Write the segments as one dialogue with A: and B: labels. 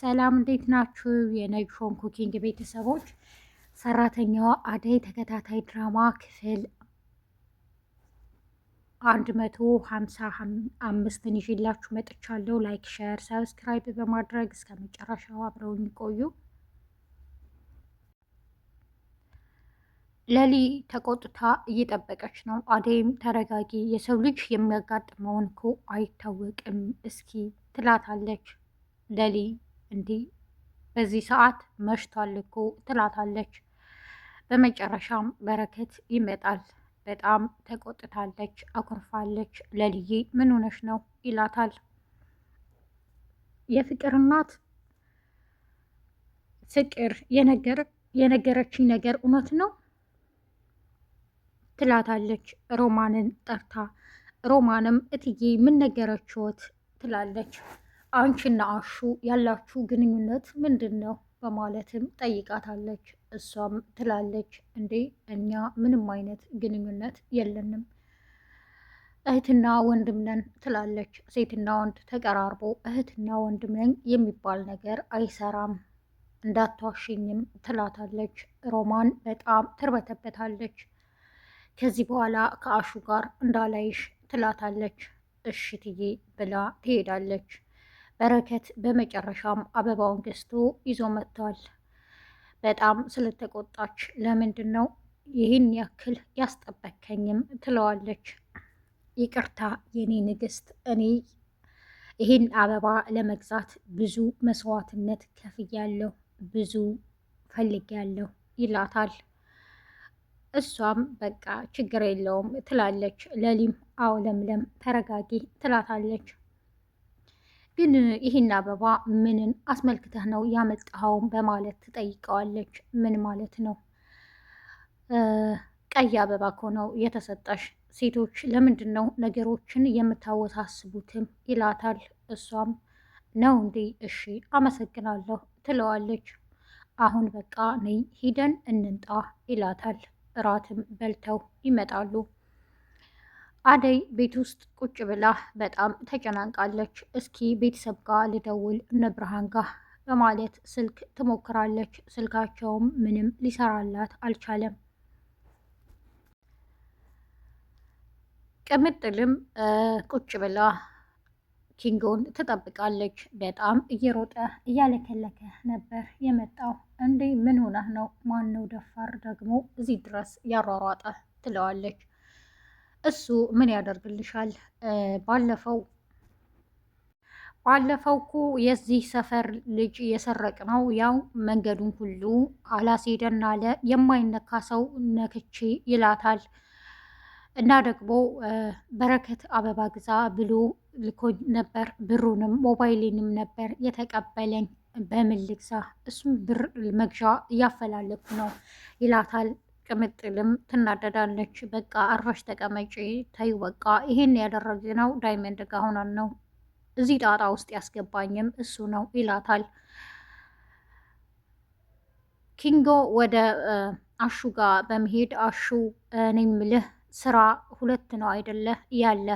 A: ሰላም እንዴት ናችሁ? የነጆን ኩኪንግ ቤተሰቦች፣ ሰራተኛዋ አደይ ተከታታይ ድራማ ክፍል አንድ መቶ ሀምሳ አምስትን ይዤላችሁ መጥቻለሁ። ላይክ፣ ሸር፣ ሰብስክራይብ በማድረግ እስከ መጨረሻው አብረውን ይቆዩ። ለሊ ተቆጥታ እየጠበቀች ነው። አደይም ተረጋጊ፣ የሰው ልጅ የሚያጋጥመውን እኮ አይታወቅም፣ እስኪ ትላታለች ለሊ እንዲህ በዚህ ሰዓት መሽቷል እኮ ትላታለች። በመጨረሻም በረከት ይመጣል። በጣም ተቆጥታለች፣ አኩርፋለች። ለልዬ ምን ሆነሽ ነው ይላታል። የፍቅር እናት ፍቅር የነገረችኝ ነገር እውነት ነው ትላታለች። ሮማንን ጠርታ ሮማንም እትዬ ምን ነገረችዎት ትላለች። አንቺና አሹ ያላችሁ ግንኙነት ምንድን ነው? በማለትም ጠይቃታለች። እሷም ትላለች እንዴ እኛ ምንም አይነት ግንኙነት የለንም እህትና ወንድም ነን ትላለች። ሴትና ወንድ ተቀራርቦ እህትና ወንድም ነኝ የሚባል ነገር አይሰራም እንዳትዋሽኝም ትላታለች። ሮማን በጣም ትርበተበታለች። ከዚህ በኋላ ከአሹ ጋር እንዳላይሽ ትላታለች። እሽትዬ ብላ ትሄዳለች። በረከት በመጨረሻም አበባውን ገዝቶ ይዞ መጥተዋል። በጣም ስለተቆጣች ለምንድን ነው ይህን ያክል ያስጠበከኝም ትለዋለች። ይቅርታ የኔ ንግስት፣ እኔ ይህን አበባ ለመግዛት ብዙ መስዋዕትነት ከፍያለሁ፣ ብዙ ፈልጌያለሁ ይላታል። እሷም በቃ ችግር የለውም ትላለች። ለሊም አው ለምለም ተረጋጊ ትላታለች። ግን ይህን አበባ ምንን አስመልክተህ ነው ያመጣኸውም በማለት ትጠይቀዋለች። ምን ማለት ነው? ቀይ አበባ እኮ ነው የተሰጠሽ። ሴቶች ለምንድን ነው ነገሮችን የምታወሳስቡትም? ይላታል። እሷም ነው እንዴ? እሺ አመሰግናለሁ ትለዋለች። አሁን በቃ ነይ ሂደን እንንጣ ይላታል። እራትም በልተው ይመጣሉ። አደይ ቤት ውስጥ ቁጭ ብላ በጣም ተጨናንቃለች። እስኪ ቤተሰብ ጋር ልደውል እነ ብርሃን ጋር በማለት ስልክ ትሞክራለች። ስልካቸውም ምንም ሊሰራላት አልቻለም። ቅምጥልም ቁጭ ብላ ኪንጎን ትጠብቃለች። በጣም እየሮጠ እያለከለከ ነበር የመጣው። እንዴ ምን ሆነህ ነው? ማን ነው ደፋር ደግሞ እዚህ ድረስ ያሯሯጠ? ትለዋለች እሱ ምን ያደርግልሻል? ባለፈው ባለፈው እኮ የዚህ ሰፈር ልጅ የሰረቅ ነው። ያው መንገዱን ሁሉ አላስሄደን አለ። የማይነካ ሰው ነክቼ ይላታል። እና ደግሞ በረከት አበባ ግዛ ብሎ ልኮኝ ነበር። ብሩንም ሞባይሌንም ነበር የተቀበለኝ። በምን ልግዛ? እሱም ብር መግዣ እያፈላለኩ ነው ይላታል። ቅምጥልም ትናደዳለች። በቃ አርፈሽ ተቀመጪ ተይ፣ በቃ ይሄን ነው ዳይመንድ ጋር ሆነን ነው እዚህ ጣጣ ውስጥ ያስገባኝም እሱ ነው ይላታል። ኪንጎ ወደ አሹ ጋር በመሄድ አሹ እኔ የምልህ ስራ ሁለት ነው አይደለ ያለ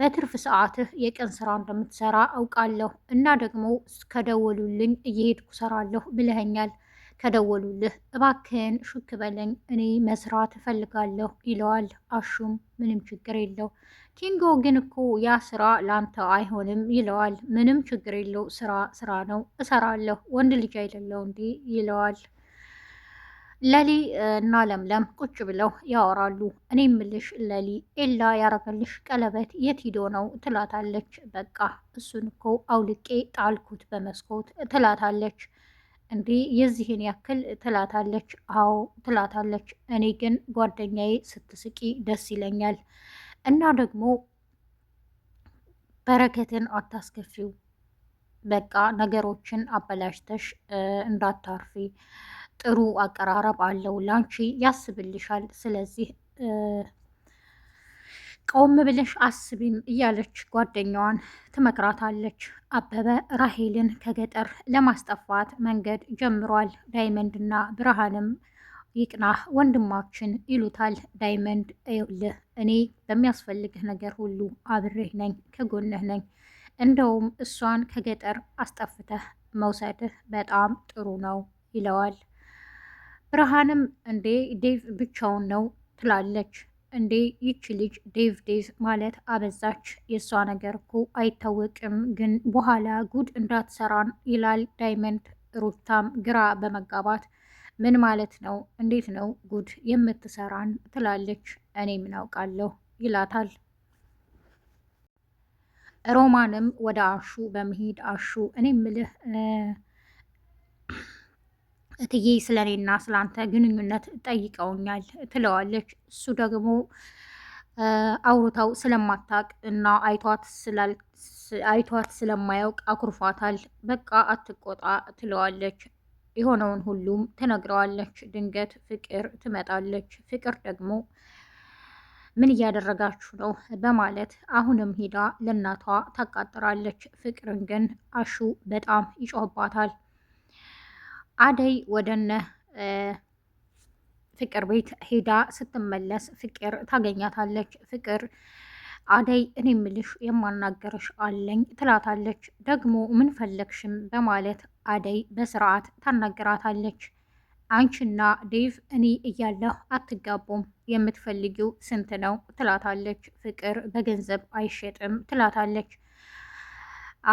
A: በትርፍ ሰዓትህ የቀን ስራ እንደምትሰራ አውቃለሁ እና ደግሞ ከደወሉልኝ እየሄድኩ ሰራለሁ ብለኸኛል። ከደወሉልህ እባክህን ሹክ በለኝ እኔ መስራት እፈልጋለሁ ይለዋል። አሹም ምንም ችግር የለው ኪንጎ ግን እኮ ያ ስራ ላንተ አይሆንም ይለዋል። ምንም ችግር የለው ስራ ስራ ነው እሰራለሁ ወንድ ልጅ አይደለው እንዴ ይለዋል። ለሊ እና ለምለም ቁጭ ብለው ያወራሉ። እኔ ምልሽ ለሊ ኤላ ያረገልሽ ቀለበት የት ሂዶ ነው ትላታለች። በቃ እሱን እኮ አውልቄ ጣልኩት በመስኮት ትላታለች። እንዲህ የዚህን ያክል ትላታለች። አዎ ትላታለች። እኔ ግን ጓደኛዬ ስትስቂ ደስ ይለኛል። እና ደግሞ በረከትን አታስከፊው። በቃ ነገሮችን አበላሽተሽ እንዳታርፊ። ጥሩ አቀራረብ አለው ላንቺ፣ ያስብልሻል። ስለዚህ ቆም ብለሽ አስቢም እያለች ጓደኛዋን ትመክራታለች። አበበ ራሄልን ከገጠር ለማስጠፋት መንገድ ጀምሯል። ዳይመንድና ብርሃንም ይቅናህ ወንድማችን ይሉታል። ዳይመንድ ይኸውልህ እኔ በሚያስፈልግህ ነገር ሁሉ አብሬህ ነኝ፣ ከጎንህ ነኝ። እንደውም እሷን ከገጠር አስጠፍተህ መውሰድህ በጣም ጥሩ ነው ይለዋል። ብርሃንም እንዴ ዴቭ ብቻውን ነው ትላለች። እንዴ ይቺ ልጅ ዴቭ ዴዝ ማለት አበዛች። የእሷ ነገር እኮ አይታወቅም፣ ግን በኋላ ጉድ እንዳትሰራን ይላል ዳይመንድ። ሩታም ግራ በመጋባት ምን ማለት ነው? እንዴት ነው ጉድ የምትሰራን? ትላለች። እኔ ምን አውቃለሁ ይላታል። ሮማንም ወደ አሹ በመሄድ አሹ እኔ ምልህ እትዬ ስለኔና ስለአንተ ግንኙነት ጠይቀውኛል ትለዋለች። እሱ ደግሞ አውርታው ስለማታቅ እና አይቷት ስለማያውቅ አኩርፏታል። በቃ አትቆጣ ትለዋለች። የሆነውን ሁሉም ትነግረዋለች። ድንገት ፍቅር ትመጣለች። ፍቅር ደግሞ ምን እያደረጋችሁ ነው በማለት አሁንም ሄዳ ለእናቷ ታቃጥራለች። ፍቅርን ግን አሹ በጣም ይጮህባታል። አደይ ወደነ ፍቅር ቤት ሄዳ ስትመለስ ፍቅር ታገኛታለች። ፍቅር አደይ እኔ ምልሽ የማናገርሽ አለኝ ትላታለች። ደግሞ ምን ፈለግሽም በማለት አደይ በስርዓት ታናግራታለች። አንቺና ዴቭ እኔ እያለሁ አትጋቡም፣ የምትፈልጊው ስንት ነው ትላታለች። ፍቅር በገንዘብ አይሸጥም ትላታለች።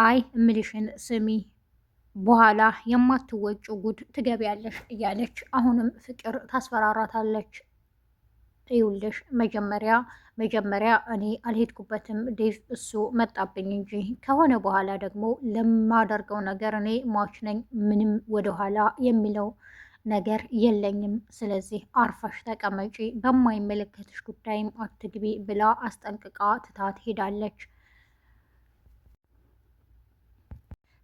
A: አይ እምልሽን ስሚ በኋላ የማትወጭ ጉድ ትገቢያለሽ እያለች አሁንም ፍቅር ታስፈራራታለች። ይውልሽ መጀመሪያ መጀመሪያ እኔ አልሄድኩበትም ዴቭ እሱ መጣብኝ እንጂ ከሆነ በኋላ ደግሞ ለማደርገው ነገር እኔ ሟች ነኝ። ምንም ወደኋላ የሚለው ነገር የለኝም። ስለዚህ አርፈሽ ተቀመጪ፣ በማይመለከትሽ ጉዳይም አትግቢ ብላ አስጠንቅቃ ትታት ሄዳለች።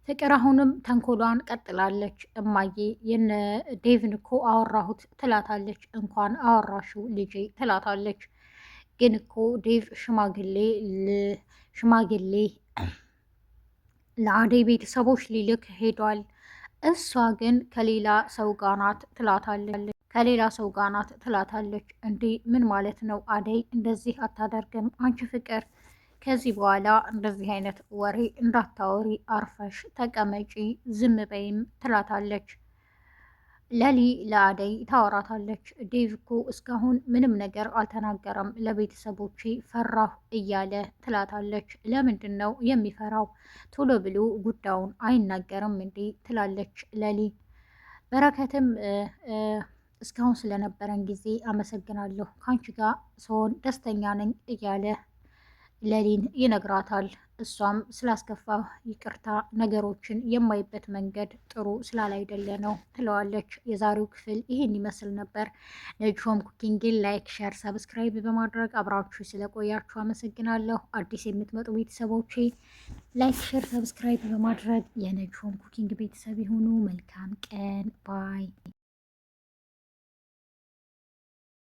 A: ፍቅር አሁንም ተንኮሏን ቀጥላለች። እማዬ የነ ዴቭን እኮ አወራሁት ትላታለች። እንኳን አወራሽው ልጄ ትላታለች። ግን እኮ ዴቭ ሽማግሌ ሽማግሌ ለአደይ ቤተሰቦች ሊልክ ሄዷል። እሷ ግን ከሌላ ሰው ጋር ናት ትላታለች። ከሌላ ሰው ጋር ናት ትላታለች። እንዴ ምን ማለት ነው? አደይ እንደዚህ አታደርግም አንቺ ፍቅር ከዚህ በኋላ እንደዚህ አይነት ወሬ እንዳታወሪ አርፈሽ ተቀመጪ ዝም በይም ትላታለች። ለሊ ለአደይ ታወራታለች። ዴቭ እኮ እስካሁን ምንም ነገር አልተናገረም ለቤተሰቦቼ ፈራሁ እያለ ትላታለች። ለምንድን ነው የሚፈራው? ቶሎ ብሎ ጉዳዩን አይናገርም እንዴ? ትላለች ለሊ። በረከትም እስካሁን ስለነበረን ጊዜ አመሰግናለሁ፣ ከአንቺ ጋር ስሆን ደስተኛ ነኝ እያለ ለሊን ይነግራታል። እሷም ስላስከፋ ይቅርታ፣ ነገሮችን የማይበት መንገድ ጥሩ ስላላይደለ ነው ትለዋለች። የዛሬው ክፍል ይህን ይመስል ነበር። ነጂ ሆም ኩኪንግን ላይክ፣ ሸር፣ ሰብስክራይብ በማድረግ አብራችሁ ስለቆያችሁ አመሰግናለሁ። አዲስ የምትመጡ ቤተሰቦቼ ላይክ፣ ሸር፣ ሰብስክራይብ በማድረግ የነጂ ሆም ኩኪንግ ቤተሰብ የሆኑ መልካም ቀን ባይ